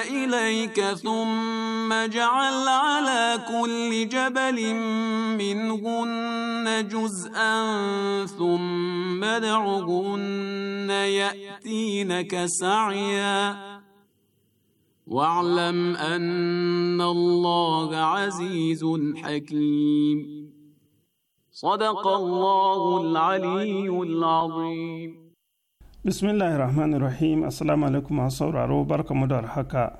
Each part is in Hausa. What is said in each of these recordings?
إليك ثم جعل على كل جبل منهن جزءا ثم ادعهن يأتينك سعيا واعلم أن الله عزيز حكيم صدق الله العلي العظيم Bismillahi rahmanir rahim assalamu alaikum masu sauraro barkamu da haka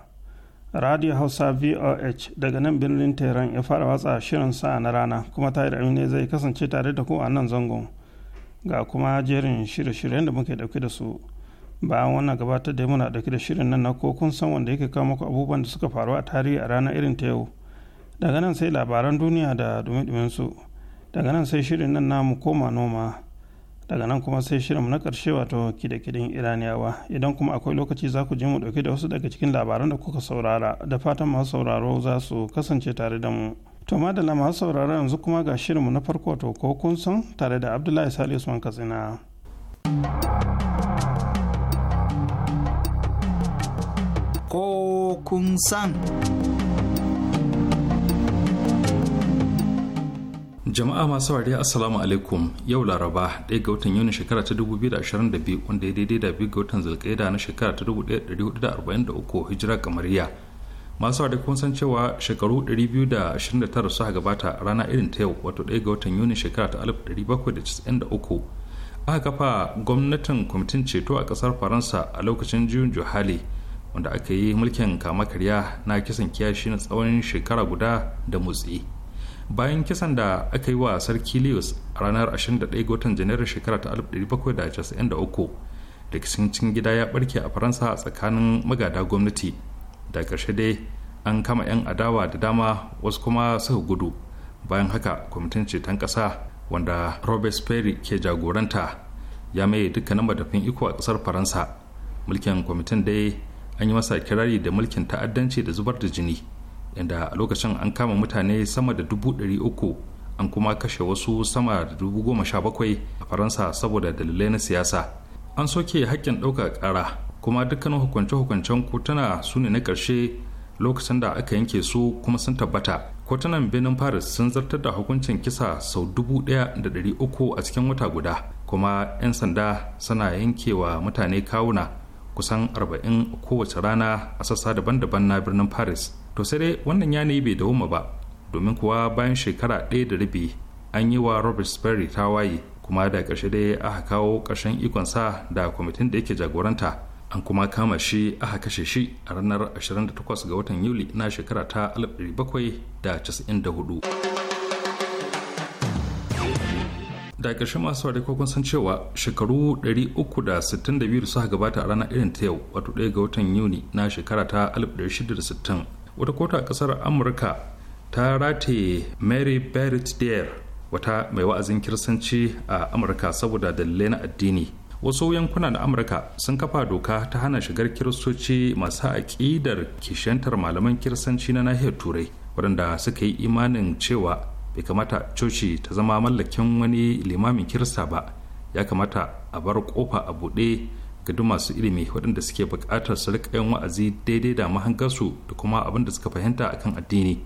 radio hausa voh daga nan birnin tehran ya fara watsa shirin sa na rana kuma tahir ne zai kasance tare da ku a nan zangon ga kuma jerin shirye-shiryen da muke dauke da su bayan wannan gabatar da muna dauke da shirin nan na ko kun san wanda yake kawo muku abubuwan da suka faru a tarihi a ranar irin ta yau daga nan sai labaran duniya da dumi su daga nan sai shirin nan namu koma noma daga nan kuma sai shirinmu na ƙarshe wato kide-kiden iraniyawa idan kuma akwai lokaci za ku je mu ɗauke da wasu daga cikin labaran da kuka saurara da fatan masu sauraro za su kasance tare da mu to madalla masu sauraro yanzu kuma ga shirin mu na farko wato ko kun san tare da abdullahi sali usman katsina ko kun san jama'a masu wariya assalamu alaikum yau laraba 1 ga watan yuni shekara ta 2022 wanda ya daidai da 2 ga watan zulkaida na shekara ta 1443 hijira kamariya masu wariya kun san cewa shekaru 229 su gabata rana irin ta yau wato 1 ga watan yuni shekara ta 1793 aka kafa gwamnatin kwamitin ceto a kasar faransa a lokacin juyin juhali wanda aka yi mulkin kama karya na kisan kiyashi na tsawon shekara guda da motsi bayan kisan da aka yi wa sarki lewis a ranar 21 ga watan janairun shekara ta 1793 da kisancin gida ya barke a faransa a tsakanin magada gwamnati da karshe dai an kama 'yan adawa da dama wasu kuma suka gudu bayan haka kwamitin ceton kasa wanda robert perry ke jagoranta ya maye dukkanin madafin iko a ƙasar faransa mulkin kwamitin dai an yi masa kirari da mulkin ta'addanci da zubar da jini inda a lokacin an kama mutane sama da dubu ɗari uku an kuma kashe wasu sama da dubu goma sha bakwai a faransa saboda dalilai na siyasa an soke haƙƙin ɗaukar ƙara kuma dukkanin hukunce-hukuncen kotuna su ne na ƙarshe lokacin da aka yanke su kuma sun tabbata kotunan birnin paris sun zartar da hukuncin kisa sau dubu ɗaya da ɗari uku a cikin wata guda kuma 'yan sanda suna yankewa mutane kawuna kusan arba'in kowace rana a sassa daban-daban na birnin paris to sai dai wannan yanayi bai dawoma ba domin kuwa bayan shekara ɗaya da rabi an yi wa robert sperry tawaye kuma da ƙarshe dai aka kawo ƙarshen ikonsa da kwamitin da yake jagoranta an kuma kama shi aka kashe shi a ranar 28 ga watan yuli na shekara ta 1794 da ƙarshe masu ware kun san cewa shekaru 362 da suka gabata a ranar irin ta yau wato 1 ga watan yuni na shekara ta wata kotu a kasar amurka ta rataye mary barrett dare wata mai wa'azin kirsanci a amurka saboda dalilai na addini wasu yankuna na amurka sun kafa doka ta hana shigar kiristoci masu aƙidar kishantar malaman kirsanci na nahiyar turai waɗanda suka yi imanin cewa bai kamata coci ta zama mallakin wani limamin kirista ba ya kamata a bar kofa a buɗe ga duk masu ilimi waɗanda suke buƙatar su riƙa yin wa'azi daidai da mahangarsu da kuma abin da suka fahimta a kan addini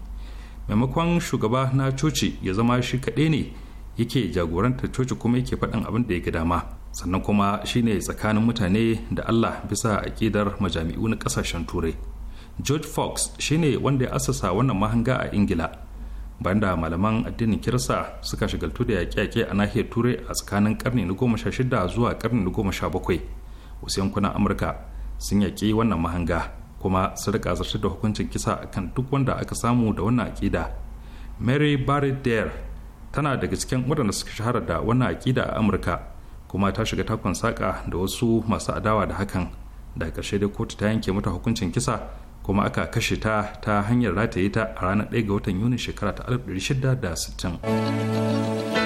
maimakon shugaba na coci ya zama shi kaɗai ne yake jagorantar coci kuma yake faɗin abin da ya ga dama sannan kuma shine tsakanin mutane da Allah bisa aƙidar majami'u na ƙasashen turai George Fox shine wanda ya asasa wannan mahanga a Ingila bayan da malaman addinin kirsa suka shigaltu da yaƙe-yaƙe a nahiyar turai a tsakanin ƙarni na goma sha shida zuwa ƙarni na goma sha bakwai wasu yankunan amurka sun yaƙi wannan mahanga kuma sun rika zartar da hukuncin kisa kan duk wanda aka samu da wannan aƙida mary barry dare tana daga cikin waɗanda suka shahara da wannan aƙida a amurka kuma ta shiga takon saƙa da wasu masu adawa da hakan da ƙarshe dai kotu ta yanke mata hukuncin kisa kuma aka kashe ta ta hanyar rataye ta a ranar 1 ga watan yuni shekara ta 1660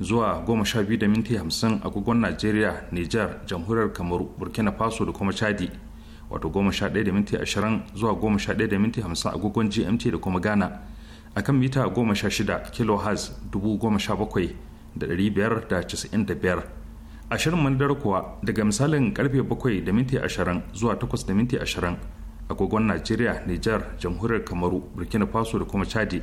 zuwa goma sha biyu da minti agogon najeriya nijar jamhuriyar kamaru burkina faso da kuma chadi wato goma sha ɗaya da zuwa goma sha ɗaya agogon gmt da kuma ghana akan mita goma sha shida kilohertz dubu goma sha bakwai da ɗari biyar da da biyar ashirin mandar kuwa daga misalin karfe bakwai da minti ashirin zuwa takwas da minti ashirin agogon najeriya nijar jamhuriyar kamaru burkina faso da kuma chadi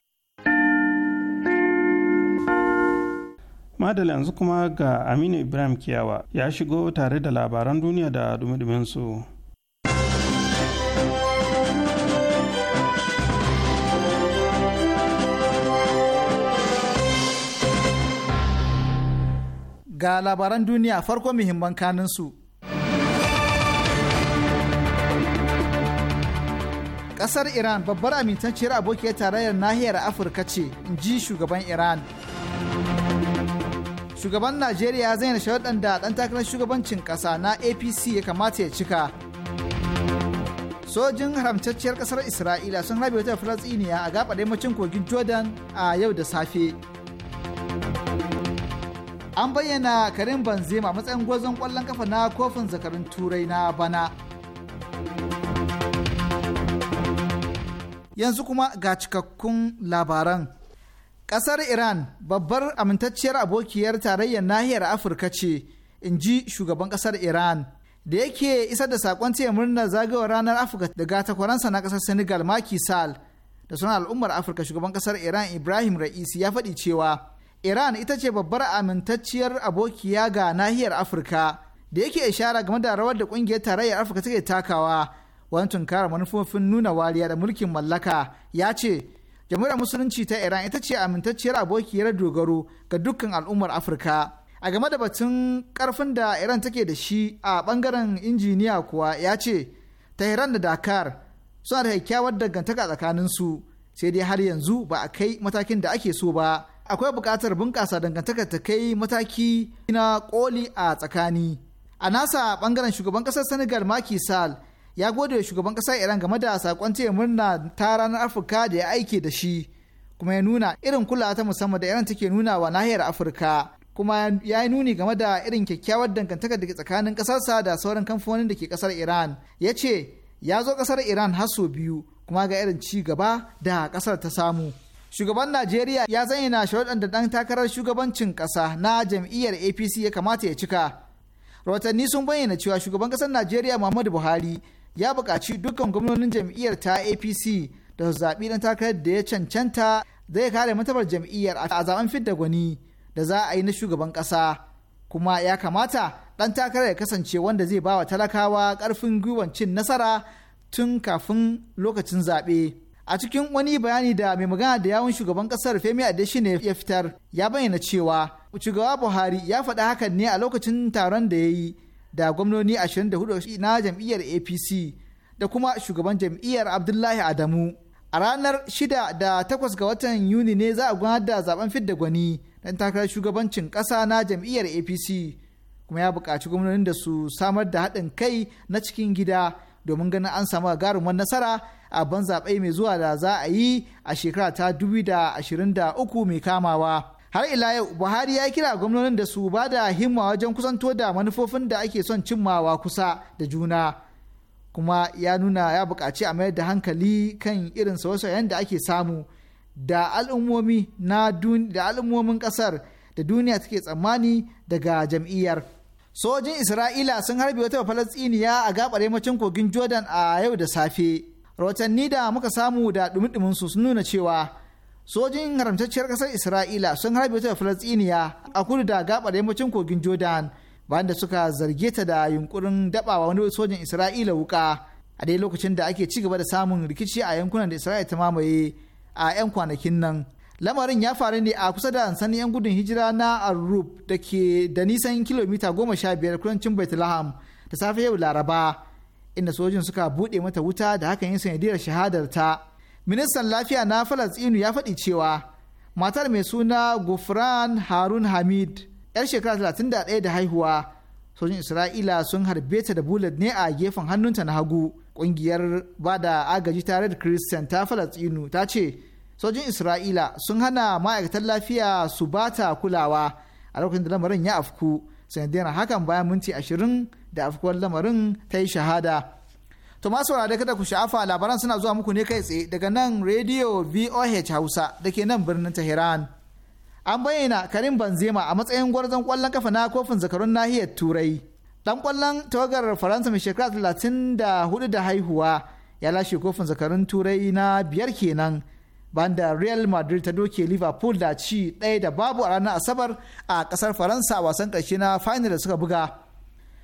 madala yanzu kuma ga aminu ibrahim kiyawa ya shigo tare da labaran duniya da dumi ga labaran duniya farko muhimman kaninsu kasar iran babbar amintacciyar abokiyar tarayyar nahiyar afirka ce in ji shugaban iran shugaban najeriya ya zayyana sharaɗin da ɗan takarar shugabancin ƙasa na apc ya kamata ya cika sojin haramtacciyar ƙasar isra'ila sun rabe wata falasiniya a gaɓar yammacin kogin jordan a yau da safe an bayyana karim banzema a matsayin gwazon ƙwallon kafa na kofin zakarun turai na bana yanzu kuma ga cikakkun labaran Ƙasar Iran babbar amintacciyar abokiyar tarayyar nahiyar Afirka ce, in ji shugaban ƙasar Iran. Da yake isar da saƙon taya murnar zagayowar ranar Afirka daga takwaransa na ƙasar Senegal Macky Sall da sunan al'ummar Afirka shugaban ƙasar Iran Ibrahim Ra'isi ya faɗi cewa Iran ita ce babbar amintacciyar abokiya ga nahiyar Afirka da yake ishara game da rawar da ƙungiyar tarayyar Afirka take takawa wani tunkara manufofin nuna wariya da mulkin mallaka ya ce jam'iyyar musulunci ta iran ita ce amintacciyar abokiyar dogaro ga dukkan al'ummar afirka a game da batun karfin da iran take da shi a bangaren injiniya kuwa ya ce tehran da dakar suna da kyakkyawar dangantaka tsakanin su sai dai har yanzu ba a kai matakin da ake so ba akwai bukatar bunƙasa dangantaka ta kai mataki na koli a tsakani a nasa bangaren shugaban ƙasar senegal Macky Sall ya gode wa shugaban ƙasar iran game da saƙon taya murna ta ranar afirka da ya aike da shi kuma ya nuna irin kulawa ta musamman da iran take nuna wa nahiyar afirka kuma ya yi nuni game da irin kyakkyawar dangantaka da tsakanin kasarsa da sauran kamfanonin da ke ƙasar iran ya ce ya zo kasar iran har sau biyu kuma ga irin ci gaba da kasar ta samu shugaban najeriya ya zayyana sharuɗan da ɗan takarar shugabancin ƙasa na jam'iyyar apc ya kamata ya cika rahotanni sun bayyana cewa shugaban ƙasar najeriya muhammadu buhari ya buƙaci dukkan gwamnonin jam'iyyar ta apc da su zaɓi ɗan takarar da ya cancanta zai kare matabar jam'iyyar a zaben fidda gwani da za a yi na shugaban ƙasa kuma ya kamata ɗan takarar ya kasance wanda zai ba wa talakawa ƙarfin gwiwan cin nasara tun kafin lokacin zaɓe. a cikin wani bayani da mai magana da yawun shugaban ƙasar femi adesina ya fitar ya bayyana cewa shugaba buhari ya faɗa hakan ne a lokacin taron da ya yi da gwamnoni 24 na jam'iyyar apc da kuma shugaban jam'iyyar abdullahi adamu a ranar 6 da 8 ga watan yuni ne za a gudanar da zaben fidda gwani don takarar shugabancin ƙasa na jam'iyyar apc kuma ya buƙaci gwamnonin da su samar da haɗin kai na cikin gida domin ganin an samu gagarumar nasara a ban zaɓe mai zuwa da za a yi a shekara ta 2023 mai kamawa har ila yau buhari ya kira gwamnonin da su ba da himma wajen kusanto da manufofin da ake son cimmawa kusa da juna kuma ya nuna ya buƙaci a mayar da hankali kan irin sauye da ake samu da al'ummomi na da al'ummomin ƙasar da duniya take tsammani daga jam'iyyar sojin isra'ila sun harbe wata falastiniya a gabar yammacin kogin jordan a yau da safe rahotanni da muka samu da dumi su sun nuna cewa sojin haramtacciyar kasar isra'ila sun harbe ta falastiniya a kudu da gabar yammacin kogin jordan bayan da suka zarge ta da yunkurin dabawa wani sojin isra'ila wuka a dai lokacin da ake cigaba da samun rikici a yankunan da isra'ila ta mamaye a 'yan kwanakin nan lamarin ya faru ne a kusa da sani 'yan gudun hijira na arub da ke da nisan kilomita goma sha biyar kudancin bethlehem da safe yau laraba inda sojin suka buɗe mata wuta da hakan yin sanadiyar shahadar ta ministan lafiya na falastinu ya faɗi cewa matar mai suna gufran harun hamid yar shekara 31 da haihuwa sojin isra'ila sun harbe ta da bullet ne a gefen hannunta na hagu ƙungiyar ba da agaji tare da christian ta falastinu ta ce sojin isra'ila sun hana ma'aikatan lafiya su ba ta kulawa a lokacin da lamarin ya afku sanadiyar hakan bayan minti ashirin da afkuwar lamarin ta yi shahada To masu saurare kada ku sha'afa labaran suna zuwa muku ne kai tsaye daga nan Radio VOH Hausa da ke nan birnin Tehran. An bayyana Karim Benzema a matsayin gwarzon kwallon kafa na kofin zakarun nahiyar Turai. Dan kwallon tawagar Faransa mai shekara talatin da hudu da haihuwa ya lashe kofin zakarun Turai na biyar kenan. Banda Real Madrid ta doke Liverpool da ci ɗaya da babu a ranar Asabar a ƙasar Faransa a wasan ƙarshe na final da suka buga.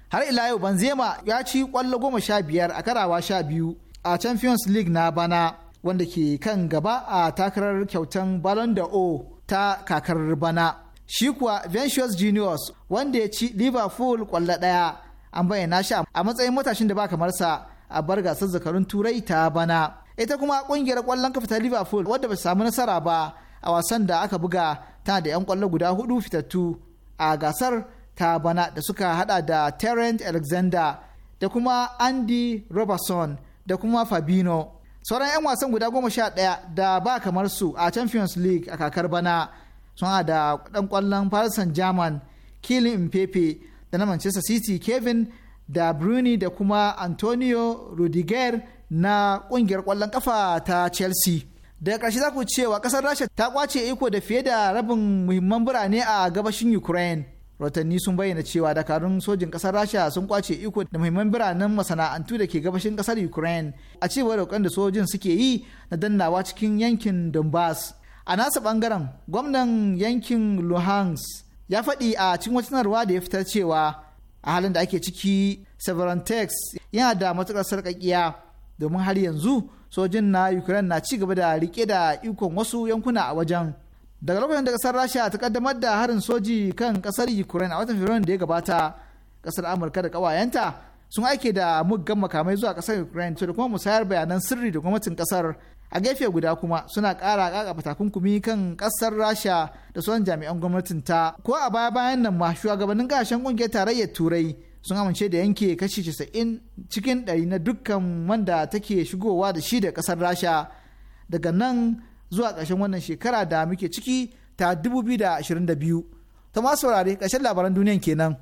har ila yau Benzema ya ci kwallo goma sha biyar a karawa sha biyu a champions league na bana wanda ke kan gaba a takarar kyautan ballon d'or ta kakar bana shi kuwa ventures Juniors wanda ya ci Liverpool kwallo ɗaya an bayyana shi a matsayin matashin da ba kamar sa a bar gasar zakarun turai ta bana ita kuma kungiyar kwallon kafa ta Liverpool wadda ba samu nasara ba a wasan da aka buga tana da 'yan kwallo guda hudu fitattu a gasar ta bana da suka hada da Terence Alexander da kuma Andy Robertson da kuma Fabino. Sauran 'yan wasan guda goma sha ɗaya da ba kamar su a Champions League a kakar bana sun da ɗan ƙwallon Paris Saint-Germain Kylian Mbappe da na Manchester City Kevin da Bruni da kuma Antonio Rudiger na ƙungiyar ƙwallon ƙafa ta Chelsea. Daga ƙarshe za ku cewa ƙasar Rasha ta ƙwace iko da fiye da rabin muhimman birane a gabashin Ukraine. rotanni sun bayyana cewa dakarun sojin kasar rasha sun kwace iko da muhimman biranen masana'antu da ke gabashin kasar ukraine a cewar roƙon da sojin suke yi na dannawa cikin yankin donbass a nasa bangaren gwamnan yankin luhans ya faɗi a cikin wata da ya fitar cewa a halin da ake ciki severantex yana da matuƙar sarƙaƙiya domin har yanzu sojin na ukraine na ci gaba da rike da ikon wasu yankuna a wajen daga lokacin da kasar rasha ta kaddamar da harin soji kan kasar ukraine a watan fabrairu da ya gabata kasar amurka da kawayenta sun aike da muggan makamai zuwa kasar ukraine to da kuma musayar bayanan sirri da gwamnatin kasar a gefe guda kuma suna kara ƙaƙaba takunkumi kan kasar rasha da sauran jami'an gwamnatin ta ko a baya bayan nan ma shugabannin gashen ƙungiyar tarayyar turai sun amince da yanke kashi casa'in cikin ɗari na dukkan wanda take shigowa da shi da ƙasar rasha daga nan zuwa ƙarshen wannan shekara da muke ciki ta 2022 ta ma saurare ƙarshen labaran duniyan kenan.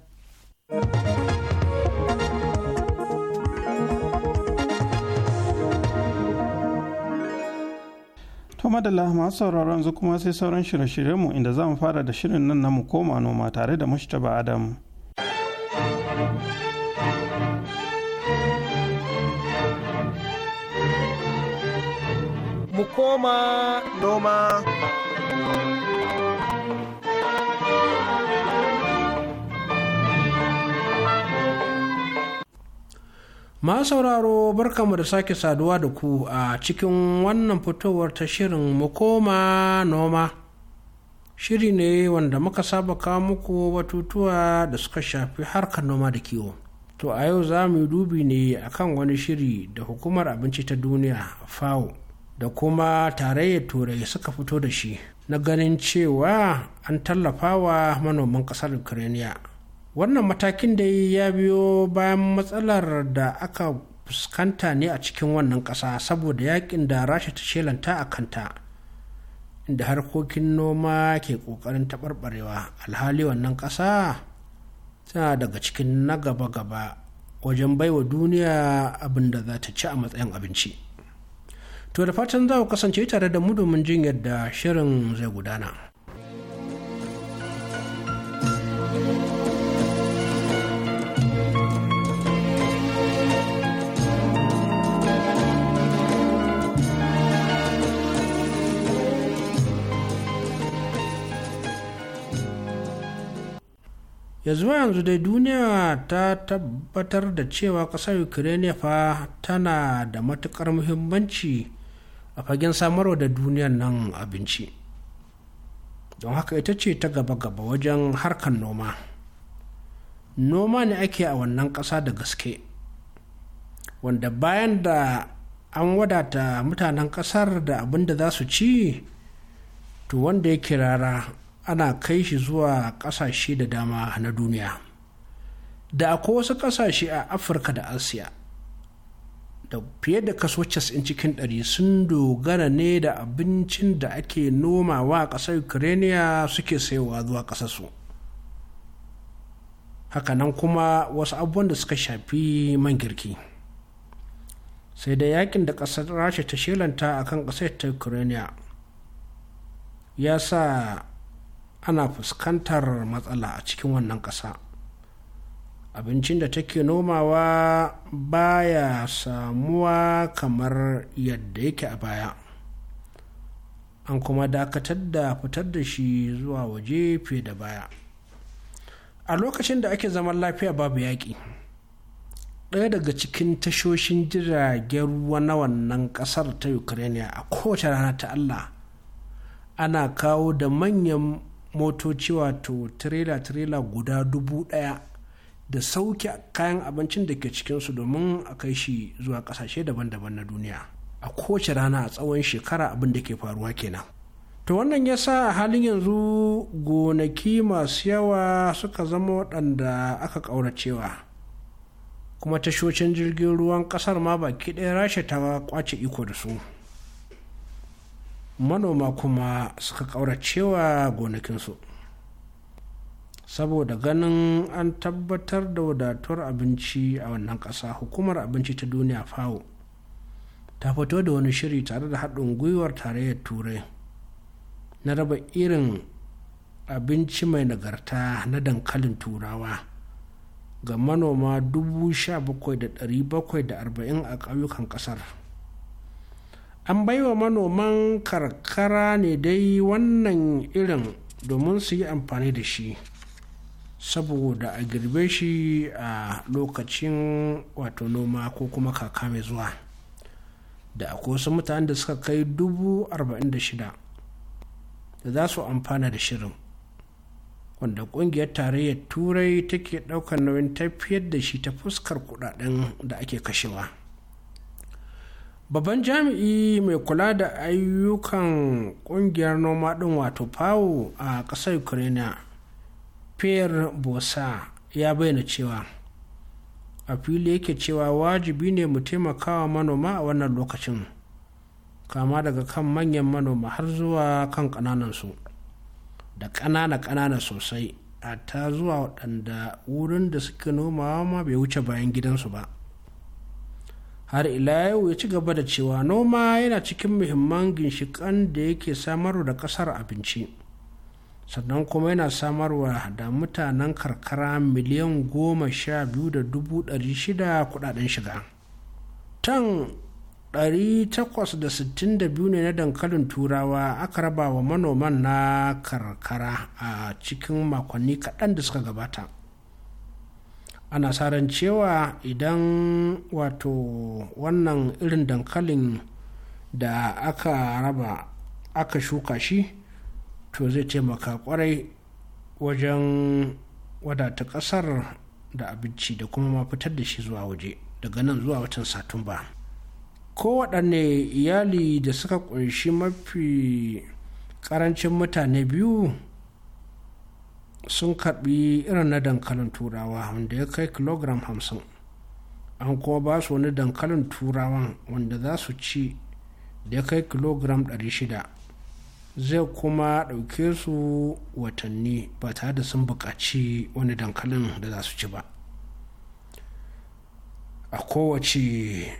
To madalla masu sauraron yanzu kuma sai sauran shirye-shiryenmu inda za mu fara da shirin nan na mu koma noma tare da Mushtaba Adam. koma noma. Ma sauraro barkamu da sake saduwa da ku a cikin wannan fitowar ta shirin makoma noma. Shiri ne wanda muka saba kawo muku batutuwa da suka shafi harkar noma da kiwo. To a yau za mu yi dubi ne akan wani shiri da hukumar abinci ta duniya FAO da kuma tarayyar turai suka fito da shi na ganin cewa an tallafa wa manoman ƙasar ukraine wannan matakin da ya biyo bayan matsalar da aka fuskanta ne a cikin wannan ƙasa saboda yakin da rasha ta shelanta a kanta inda harkokin noma ke ƙoƙarin taɓarɓarewa alhali wannan ƙasa tana daga cikin na gaba-gaba wajen baiwa duniya abinda za ta ci a matsayin abinci. to da fatan za ku kasance tare da mu domin jin yadda shirin zai gudana ya zuwa yanzu dai duniya ta tabbatar da cewa ƙasar ukraine fa tana da matuƙar muhimmanci a fagen samarwa da duniyar nan abinci don haka ita ce ta gaba-gaba wajen harkar noma noma ne ake a wannan ƙasa da gaske wanda bayan da an wadata mutanen ƙasar da abin da za su ci to wanda ya kirara ana kai shi zuwa ƙasashe da dama na duniya da akwai wasu ƙasashe a afirka da asiya da fiye da kaso 90 cikin 100 sun dogara ne da abincin da ake nomawa a ƙasar ukraine suke sayowa zuwa ƙasarsu hakanan kuma wasu abubuwan da suka shafi man girki sai da yakin da ƙasar rasha ta shelanta a kan ƙasar ta ukraine ya sa ana fuskantar matsala a cikin wannan ƙasa abincin da take nomawa baya samuwa kamar yadda yake a baya an kuma dakatar da fitar da shi zuwa waje fiye da baya a lokacin da ake zaman lafiya babu yaƙi ɗaya daga cikin tashoshin jiragen ruwa na wannan ƙasar ta ukraine a kowace rana ta allah ana kawo da manyan motoci wato tirela-tirela guda dubu ɗaya da sauke kayan abincin da ke cikinsu domin a kai shi zuwa kasashe daban-daban na duniya a kowace rana a tsawon shekara abin da ke faruwa kenan to wannan ya sa a halin yanzu gonaki masu yawa suka zama waɗanda aka ƙauracewa kuma tashocin jirgin ruwan ƙasar ma baki ɗaya rasha ta kwace iko da su manoma kuma suka ƙauracewa gonakinsu saboda ganin an tabbatar da wadatuwar abinci a wannan ƙasa hukumar abinci ta duniya fawo ta fito da wani shiri tare da haɗin gwiwar tarayyar turai na raba irin abinci mai nagarta na dankalin turawa ga manoma 17,740 a ƙauyukan ƙasar an baiwa manoman karkara ne dai wannan irin domin su yi amfani da shi saboda a girbe shi a lokacin wato noma ko kuma kaka mai zuwa da akwai wasu mutane da suka kai dubu arba'in da shida da za su amfana da shirin wanda kungiyar tarayyar turai take daukar nauyin tafiyar da shi ta fuskar kudaden da ake kashewa babban jami'i mai kula da ayyukan kungiyar noma din wato pawo a ƙasar ukraine pierre bosa ya bayyana cewa a fili yake cewa wajibi ne mu taimakawa manoma a wannan lokacin kama daga kan manyan manoma har zuwa kan ƙananansu da ƙanana-ƙanana sosai a ta zuwa waɗanda wurin da suka noma ma bai wuce bayan gidansu ba har ila yau ya ci gaba da cewa noma yana cikin muhimman ginshiƙan da yake samar da ƙasar abinci. sannan kuma yana samarwa da mutanen karkara miliyan goma sha biyu da dubu ɗari shida kudaden shiga tan 862 ne na dankalin turawa aka raba wa manoman na karkara a cikin makonni kaɗan da suka gabata ana saran cewa idan wato wannan irin dankalin da aka raba aka shuka shi to zai taimaka kwarai wajen wadata ƙasar da abinci da kuma ma fitar da shi zuwa waje daga nan zuwa watan satumba kowaɗanne iyali da suka ƙunshi mafi ƙarancin mutane biyu sun karɓi irin na dankalin turawa wanda ya kai kilogram hamsin an kuma ba su wani dankalin turawan wanda za su ci da ya kai kilogram 600 zai kuma ɗauke su watanni ba tare da sun buƙaci wani dankalin da za su ci ba a kowace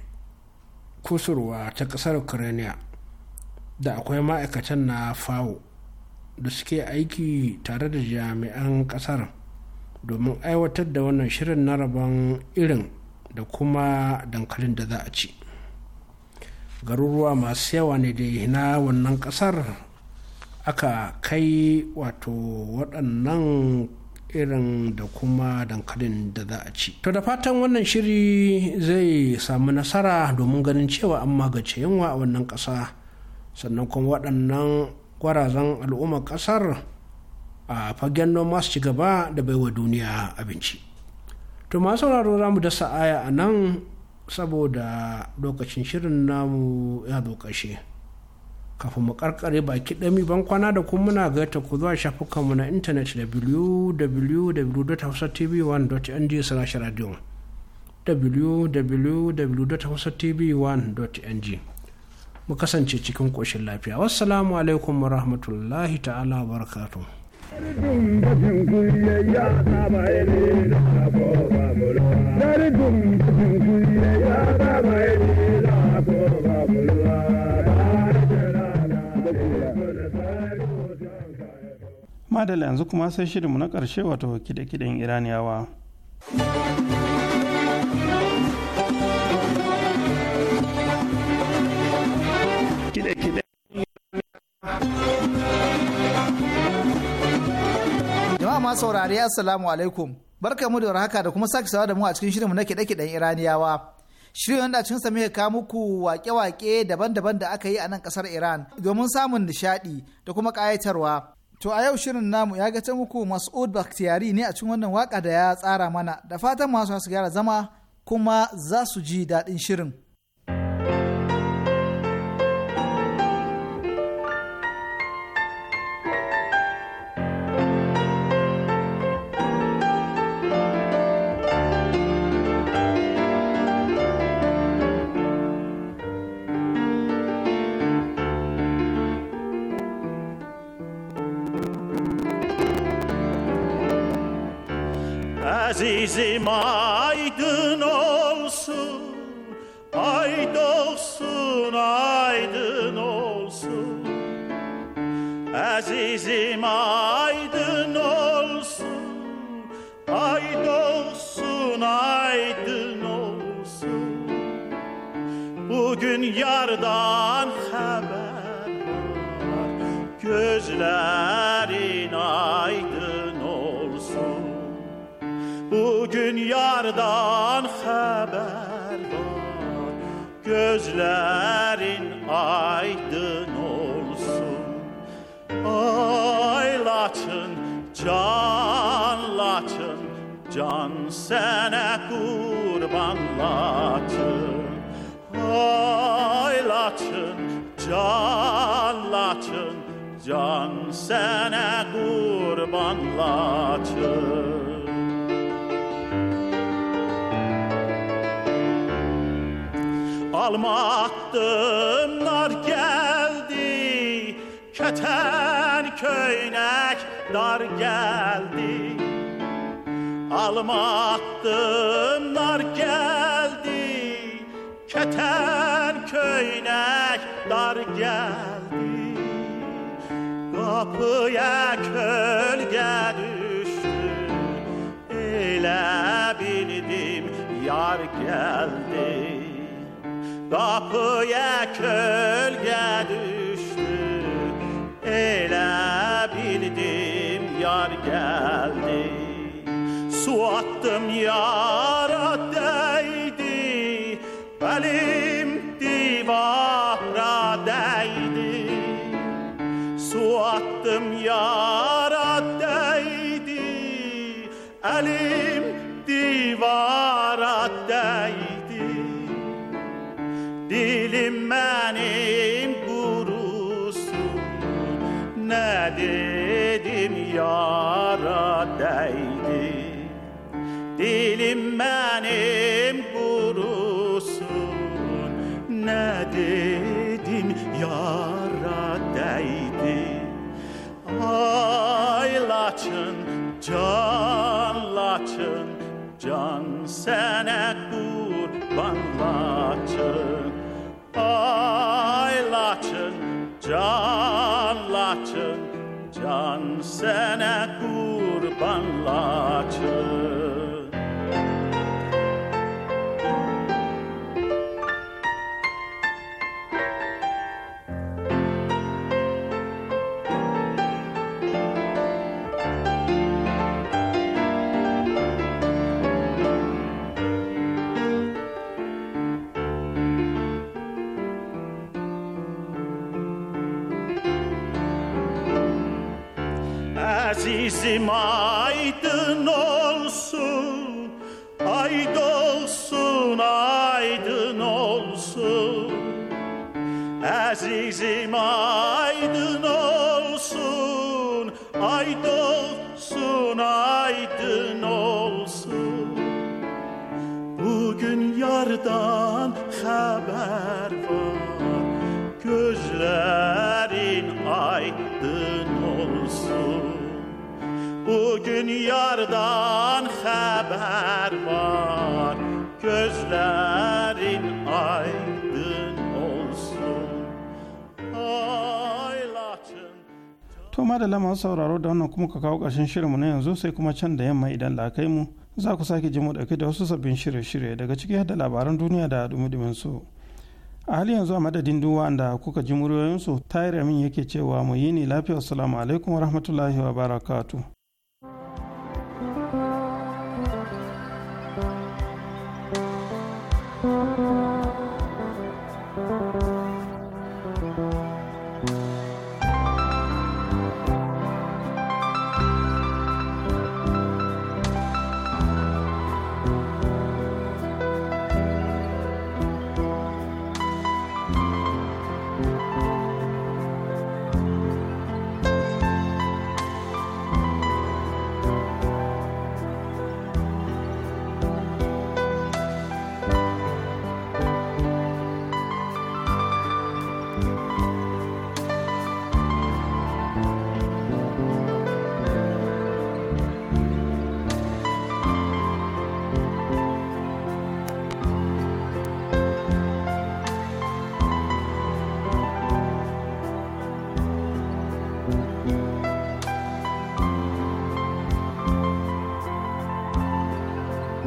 kusurwa ta ƙasar ukraine da akwai ma'aikatan na fawo da suke aiki tare da jami'an ƙasar domin aiwatar da wannan shirin na rabon irin da kuma dankalin da za a ci garuruwa masu yawa ne da na wannan ƙasar? aka kai wato waɗannan irin da kuma dankalin da za a ci. To da fatan wannan shiri zai samu nasara domin ganin cewa an magace yunwa a wannan ƙasa sannan kuma waɗannan gwarazan al'ummar ƙasar a fagen noma su ci gaba da baiwa duniya abinci. To masu sauraro za mu dasa aya a nan saboda lokacin shirin namu ya zo ƙarshe. kafin mu karkare baki ɗami ban kwana da kuma muna gaita ku zuwa shafukanmu na intanet www.hausatv1.ng slash radio www.hausatv1.ng mu kasance cikin ƙoshin lafiya wassalamu alaikum wa rahmatullahi ta'ala wa barakatuh Dari dum dum kuye ya ba ba ni la ko ba mulwa. madala yanzu kuma sai shirinmu na ƙarshe wato kide-kiden iraniyawa jama'a ma saurari assalamu alaikum barka mu da warhaka da kuma sake sawa da mu a cikin shirinmu na kide-kiden iraniyawa shirin wanda cikin sa muke kawo muku wake-wake daban-daban da aka yi a nan kasar iran domin samun nishaɗi da kuma ƙayatarwa To a yau shirin namu ya ga can muku Mas'ud Bakhtiyari ne a cikin wannan waka da ya tsara mana da fatan masu su gyara zama kuma za su ji daɗin shirin. gözlerin aydın olsun Aylaçın, canlaçın, can sene kurbanlaçın Aylaçın, canlaçın, can sene kurbanlaçın Almaktınlar geldi Köten köynek dar geldi Almaktınlar geldi Keten köynek dar geldi Kapıya kölge düştü Eyle bildim yar geldi Kapıya kölge düştü Elə bildim yar geldi Su attım yar Dilim benim kurusun Ne dedim yara değdi Aylaçın, canlaçın Can sene kurbanlaçın Aylaçın, canlaçın Can sene kurbanlaçın azizim aydın olsun Ay dolsun aydın olsun Bugün yardan haber var Gözlerin aydın olsun Bugün yardan haber var Gözler kuma da masu sauraro da wannan kuma ka kawo ƙarshen shirinmu na yanzu sai kuma can da yamma idan la kai mu za ku sake ji mu ɗauke da wasu sabbin shirye-shirye daga ciki da labaran duniya da dumi su a hali yanzu a madadin duk wanda kuka ji muryoyinsu tayar min yake cewa mu yi ni lafiya assalamu alaikum wa rahmatullahi wa barakatu.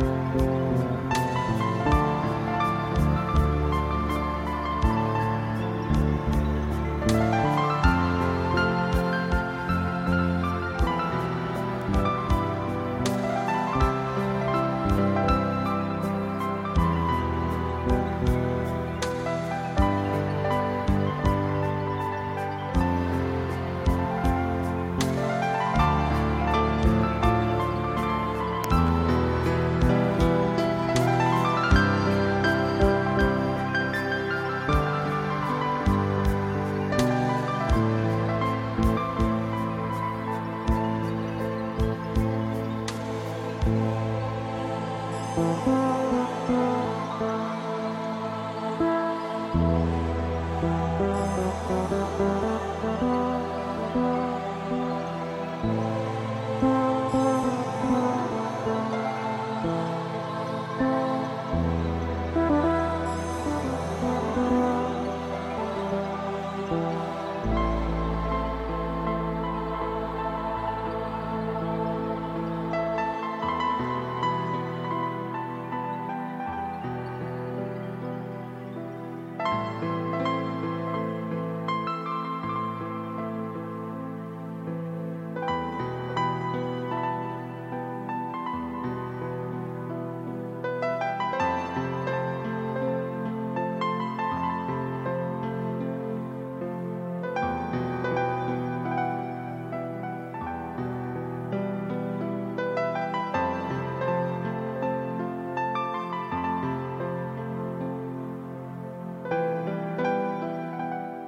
Thank you.